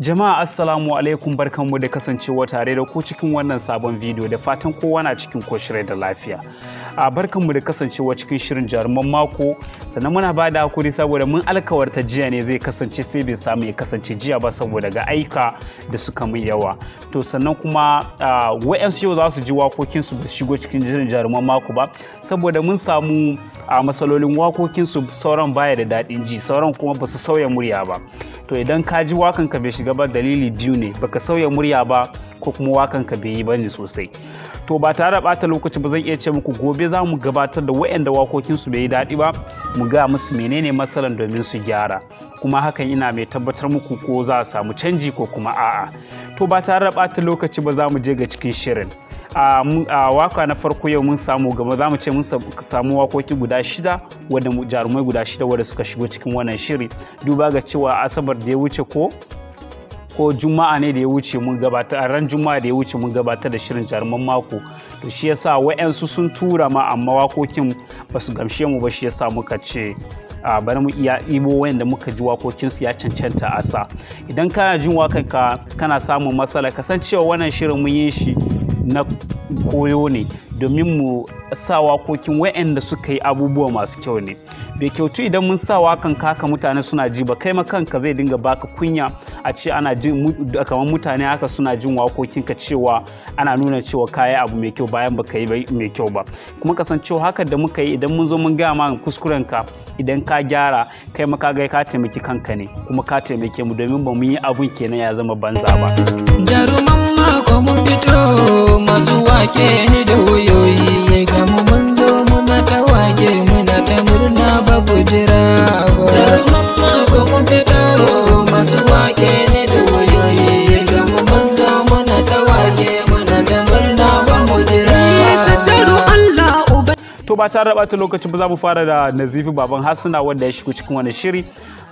Jama'a assalamu alaikum barkanmu da kasancewa tare da ku cikin wannan sabon bidiyo da fatan kowa na cikin koshirai da lafiya. A barkanmu da kasancewa cikin shirin jaruman mako sannan muna ba da hakuri saboda mun alkawarta jiya ne zai kasance sai bai samu ya kasance jiya ba saboda ga aika da suka mun yawa. To sannan kuma wa'yansu yau za su ji wakokinsu ba shigo cikin jirin jaruman mako ba saboda mun samu a matsalolin wakokinsu sauran baya da daɗin ji sauran kuma ba su sauya murya ba. to idan ka ji wakan ka bai shiga ba dalili biyu ne baka sauya murya ba ko kuma wakan ka bai yi ba ne sosai to ba tare da bata lokaci ba zan iya ce muku gobe za mu gabatar da waɗanda wakokin su bai yi daɗi ba mu ga musu menene matsalan domin su gyara kuma hakan ina mai tabbatar muku ko za a samu canji ko kuma a'a to ba tare da bata lokaci ba za mu je ga cikin shirin a waka na farko yau mun samu gama za mu ce mun samu wakoki guda shida wadda jarumai guda shida wadda suka shigo cikin wannan shiri duba ga cewa asabar da ya wuce ko ko juma'a ne da ya wuce mun gabata ran juma'a da ya wuce mun gabata da shirin jaruman mako to shi yasa wa'yansu sun tura ma amma wakokin ba su gamshe mu ba shi yasa muka ce a bari mu iya ibo wayanda muka ji wakokin su ya cancanta asa idan kana jin wakanka kana samun matsala kasancewa wannan shirin mun yi shi na koyo ne domin mu sa wakokin waɗanda suka yi abubuwa masu kyau ne bai kyautu idan mun sa wakan kaka mutane suna ji ba kai kanka zai dinga baka kunya a ce ana jin kamar mutane haka suna jin wakokin ka cewa ana nuna cewa kayi abu mai kyau bayan baka yi mai kyau ba kuma kasancewa haka da muka yi idan mun zo mun gaya ma kuskuren ka idan ka gyara kai maka ga ka taimaki kanka ne kuma ka taimake mu domin ba mu yi abun kenan ya zama banza ba jaruman mako mun fito masu wake ni da wayoyi ya gamu mun zo mu mata wake muna ta murna babu jira ba ba ta raba ta lokaci ba za mu fara da nazifi baban hasuna wanda ya shigo cikin wani shiri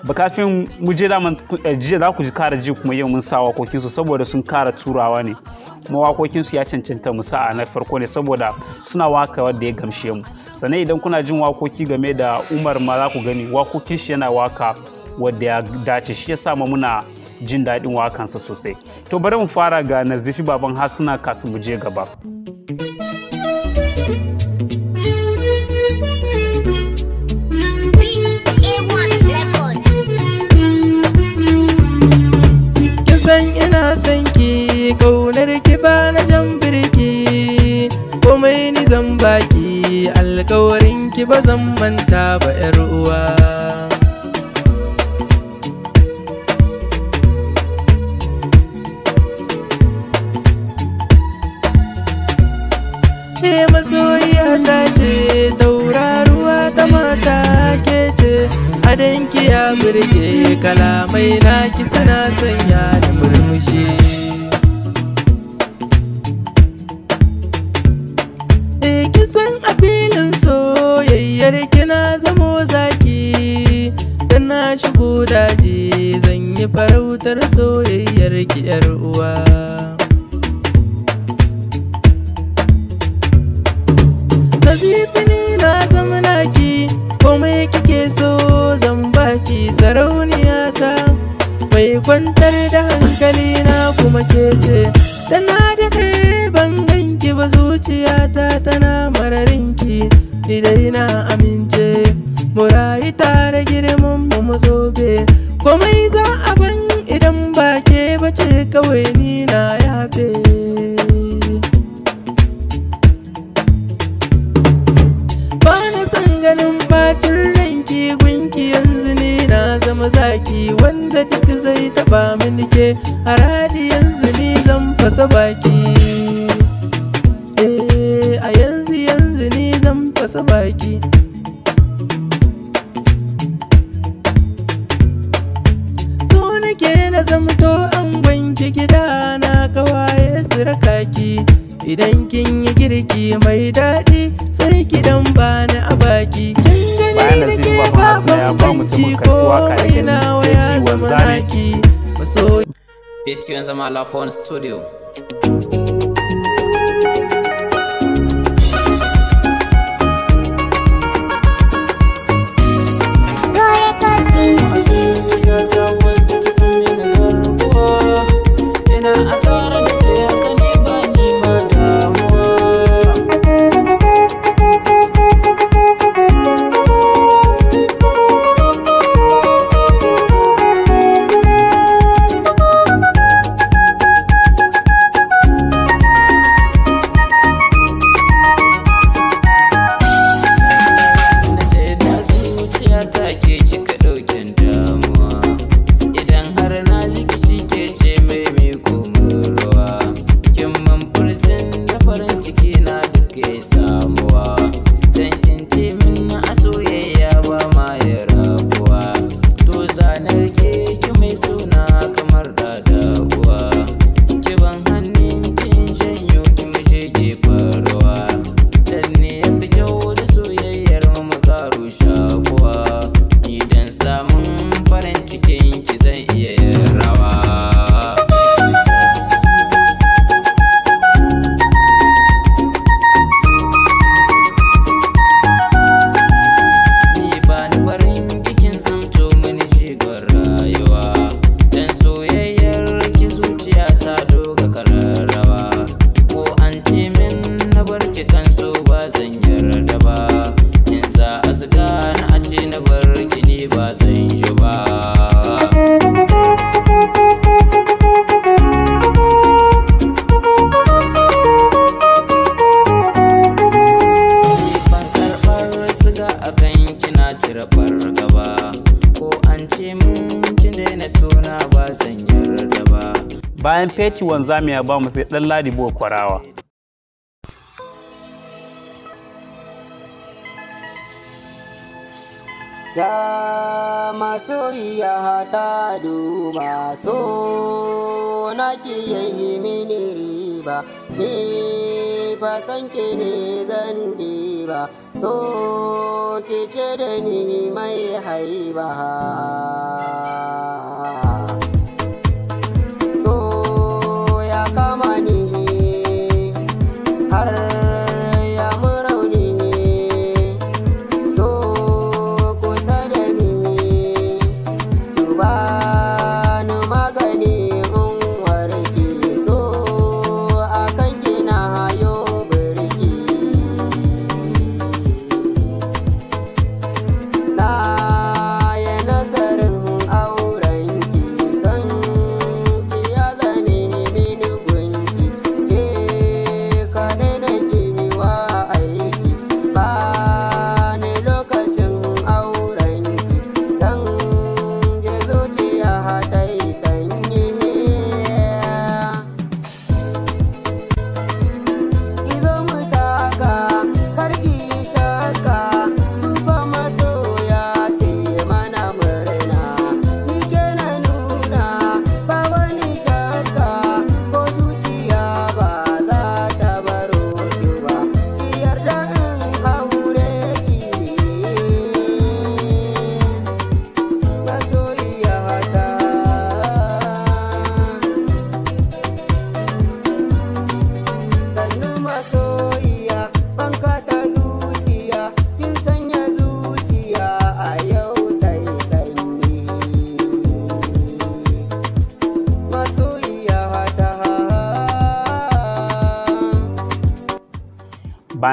ba kafin mu je daman eh, jiya za ku ji kara ji kuma yau mun sa wakokin su saboda sun kara turawa ne kuma wakokin su ya cancanta mu sa'a na farko ne saboda suna waka wanda ya gamshe mu sannan idan kuna jin wakoki game da umar ma za ku gani wakokin shi yana waka wadda ya dace shi ya sa muna jin daɗin wakansa sosai to bari mu fara ga nazifi baban hasuna kafin mu je gaba. ki ba zan manta ba 'yar uwa Ke masoyiya ta ce tauraruwa ta mata ke ce adanki ya birge kalamai na ki sana sanya da murmushi na zamo zaki da na shigo daji zan yi farautar soyayyar ki uwa Nazifini ba mu nike a radi yanzu ni zan fasa baki eh a yanzu yanzu ni zan fasa baki so nake na zamto an gwanki gida na kawaye su rakaki idan kin yi girki mai daɗi sai kidan bani a baki kin gani da ke babban banci ko ina waya zama haki so. Bitte, wenn studio. What? bayan feci wanzami ya ba mu sai dan Ladi ladibo kwarawa Ya ya hata duba so na yayi mini riba, ni ba san ki ne zan diba so ki ce da ni mai haiba.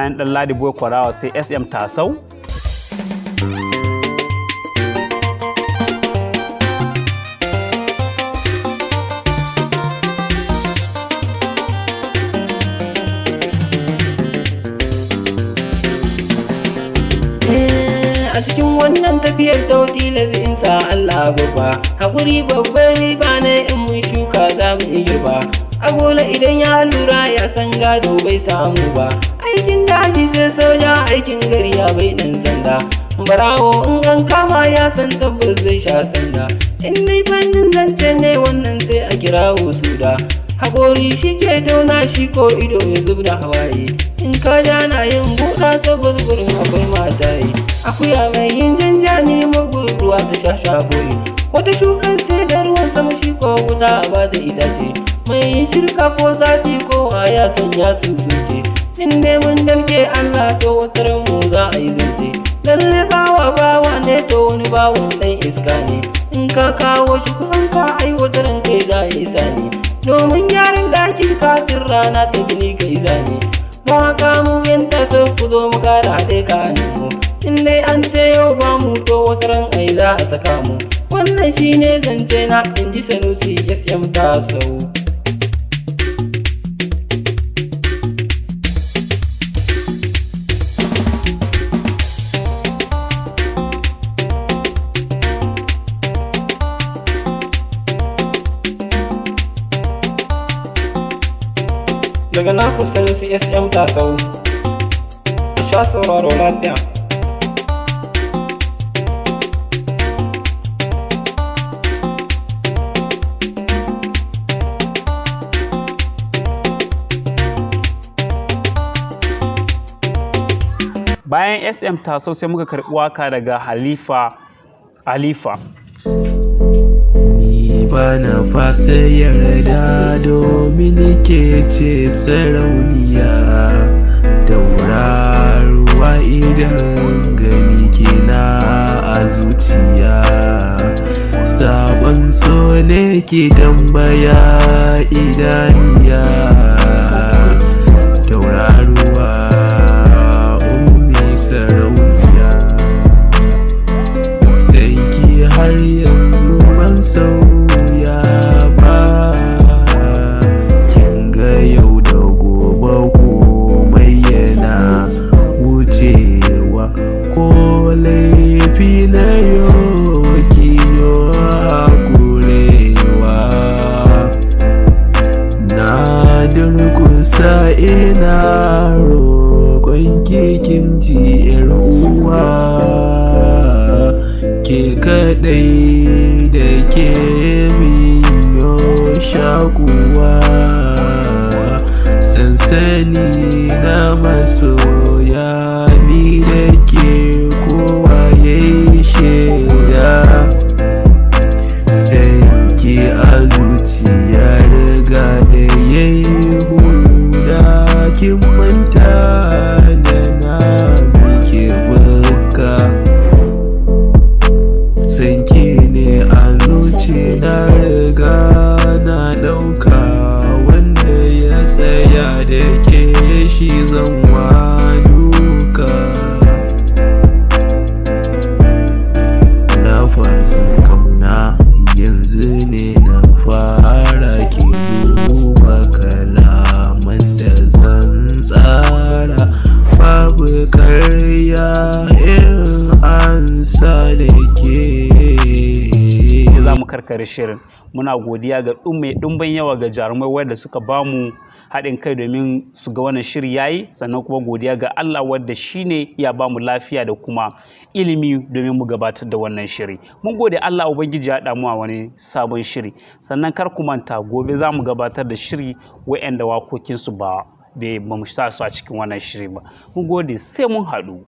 bayan ɗan ladi boy kwarawa sai sm tasau eh, a cikin wannan tafiyar tauti in sa Allah babba hakuri babban riba ne in mun shuka za mu ba. A agola idan ya lura ya san gado bai samu ba Cikin daji sai soja aikin gari ya bai dan sanda barawo in an kama ya san tabbas zai sha sanda in dai fannin zance ne wannan sai a kira wasu da. Hakori shi ke dauna shi ko ido ya zub da hawaye in ka na yin buɗa tabbas gurin akwai mataye akuya mai yin janjani mugun ruwa ta sha shagoyi wata shukar sai da ruwan sama shi ko wuta ba da itace mai shirka ko zafi ko ya sanya su zuce in dai mun damke Allah to wutar mu za a yi zance lalle bawa bawa ne to wani bawan dan iska ne in ka kawo shi kusan ka aiwatar kai za a isa ne domin gyaran ɗakin kafin rana ta gini kai zane mu yan taso ku zo mu kara haɗe ka mu in dai an ce yau ba mu to wataran ai za a saka mu wannan shine zance na in ji sanusi ta taso daga na kusan csm tasau sha sauraro lafiya bayan sm taso sai muka karɓi waka daga halifa halifa ba na fasa yarda domin nake ce sarauniya tauraruwa idan gani na a zuciya sabon so ne ke tambaya idan rike shi zan wa ka na farzin kamna yanzu ne na fara ke duba kalaman da zan tsara babu karya in an sa da ke za mu karkare shirin muna godiya ga mai yawa ga jarumai wanda suka bamu haɗin kai domin su ga wannan shiri ya yi sannan kuma godiya ga Allah wadda shi ne ya ba mu lafiya da kuma ilimi domin mu gabatar da wannan shiri mun gode Allah ubangiji ya damu a wani sabon shiri sannan kar ku manta gobe za mu gabatar da shiri wa'anda wakokinsu ba bai ba su a cikin wannan shiri ba mun gode sai mun haɗu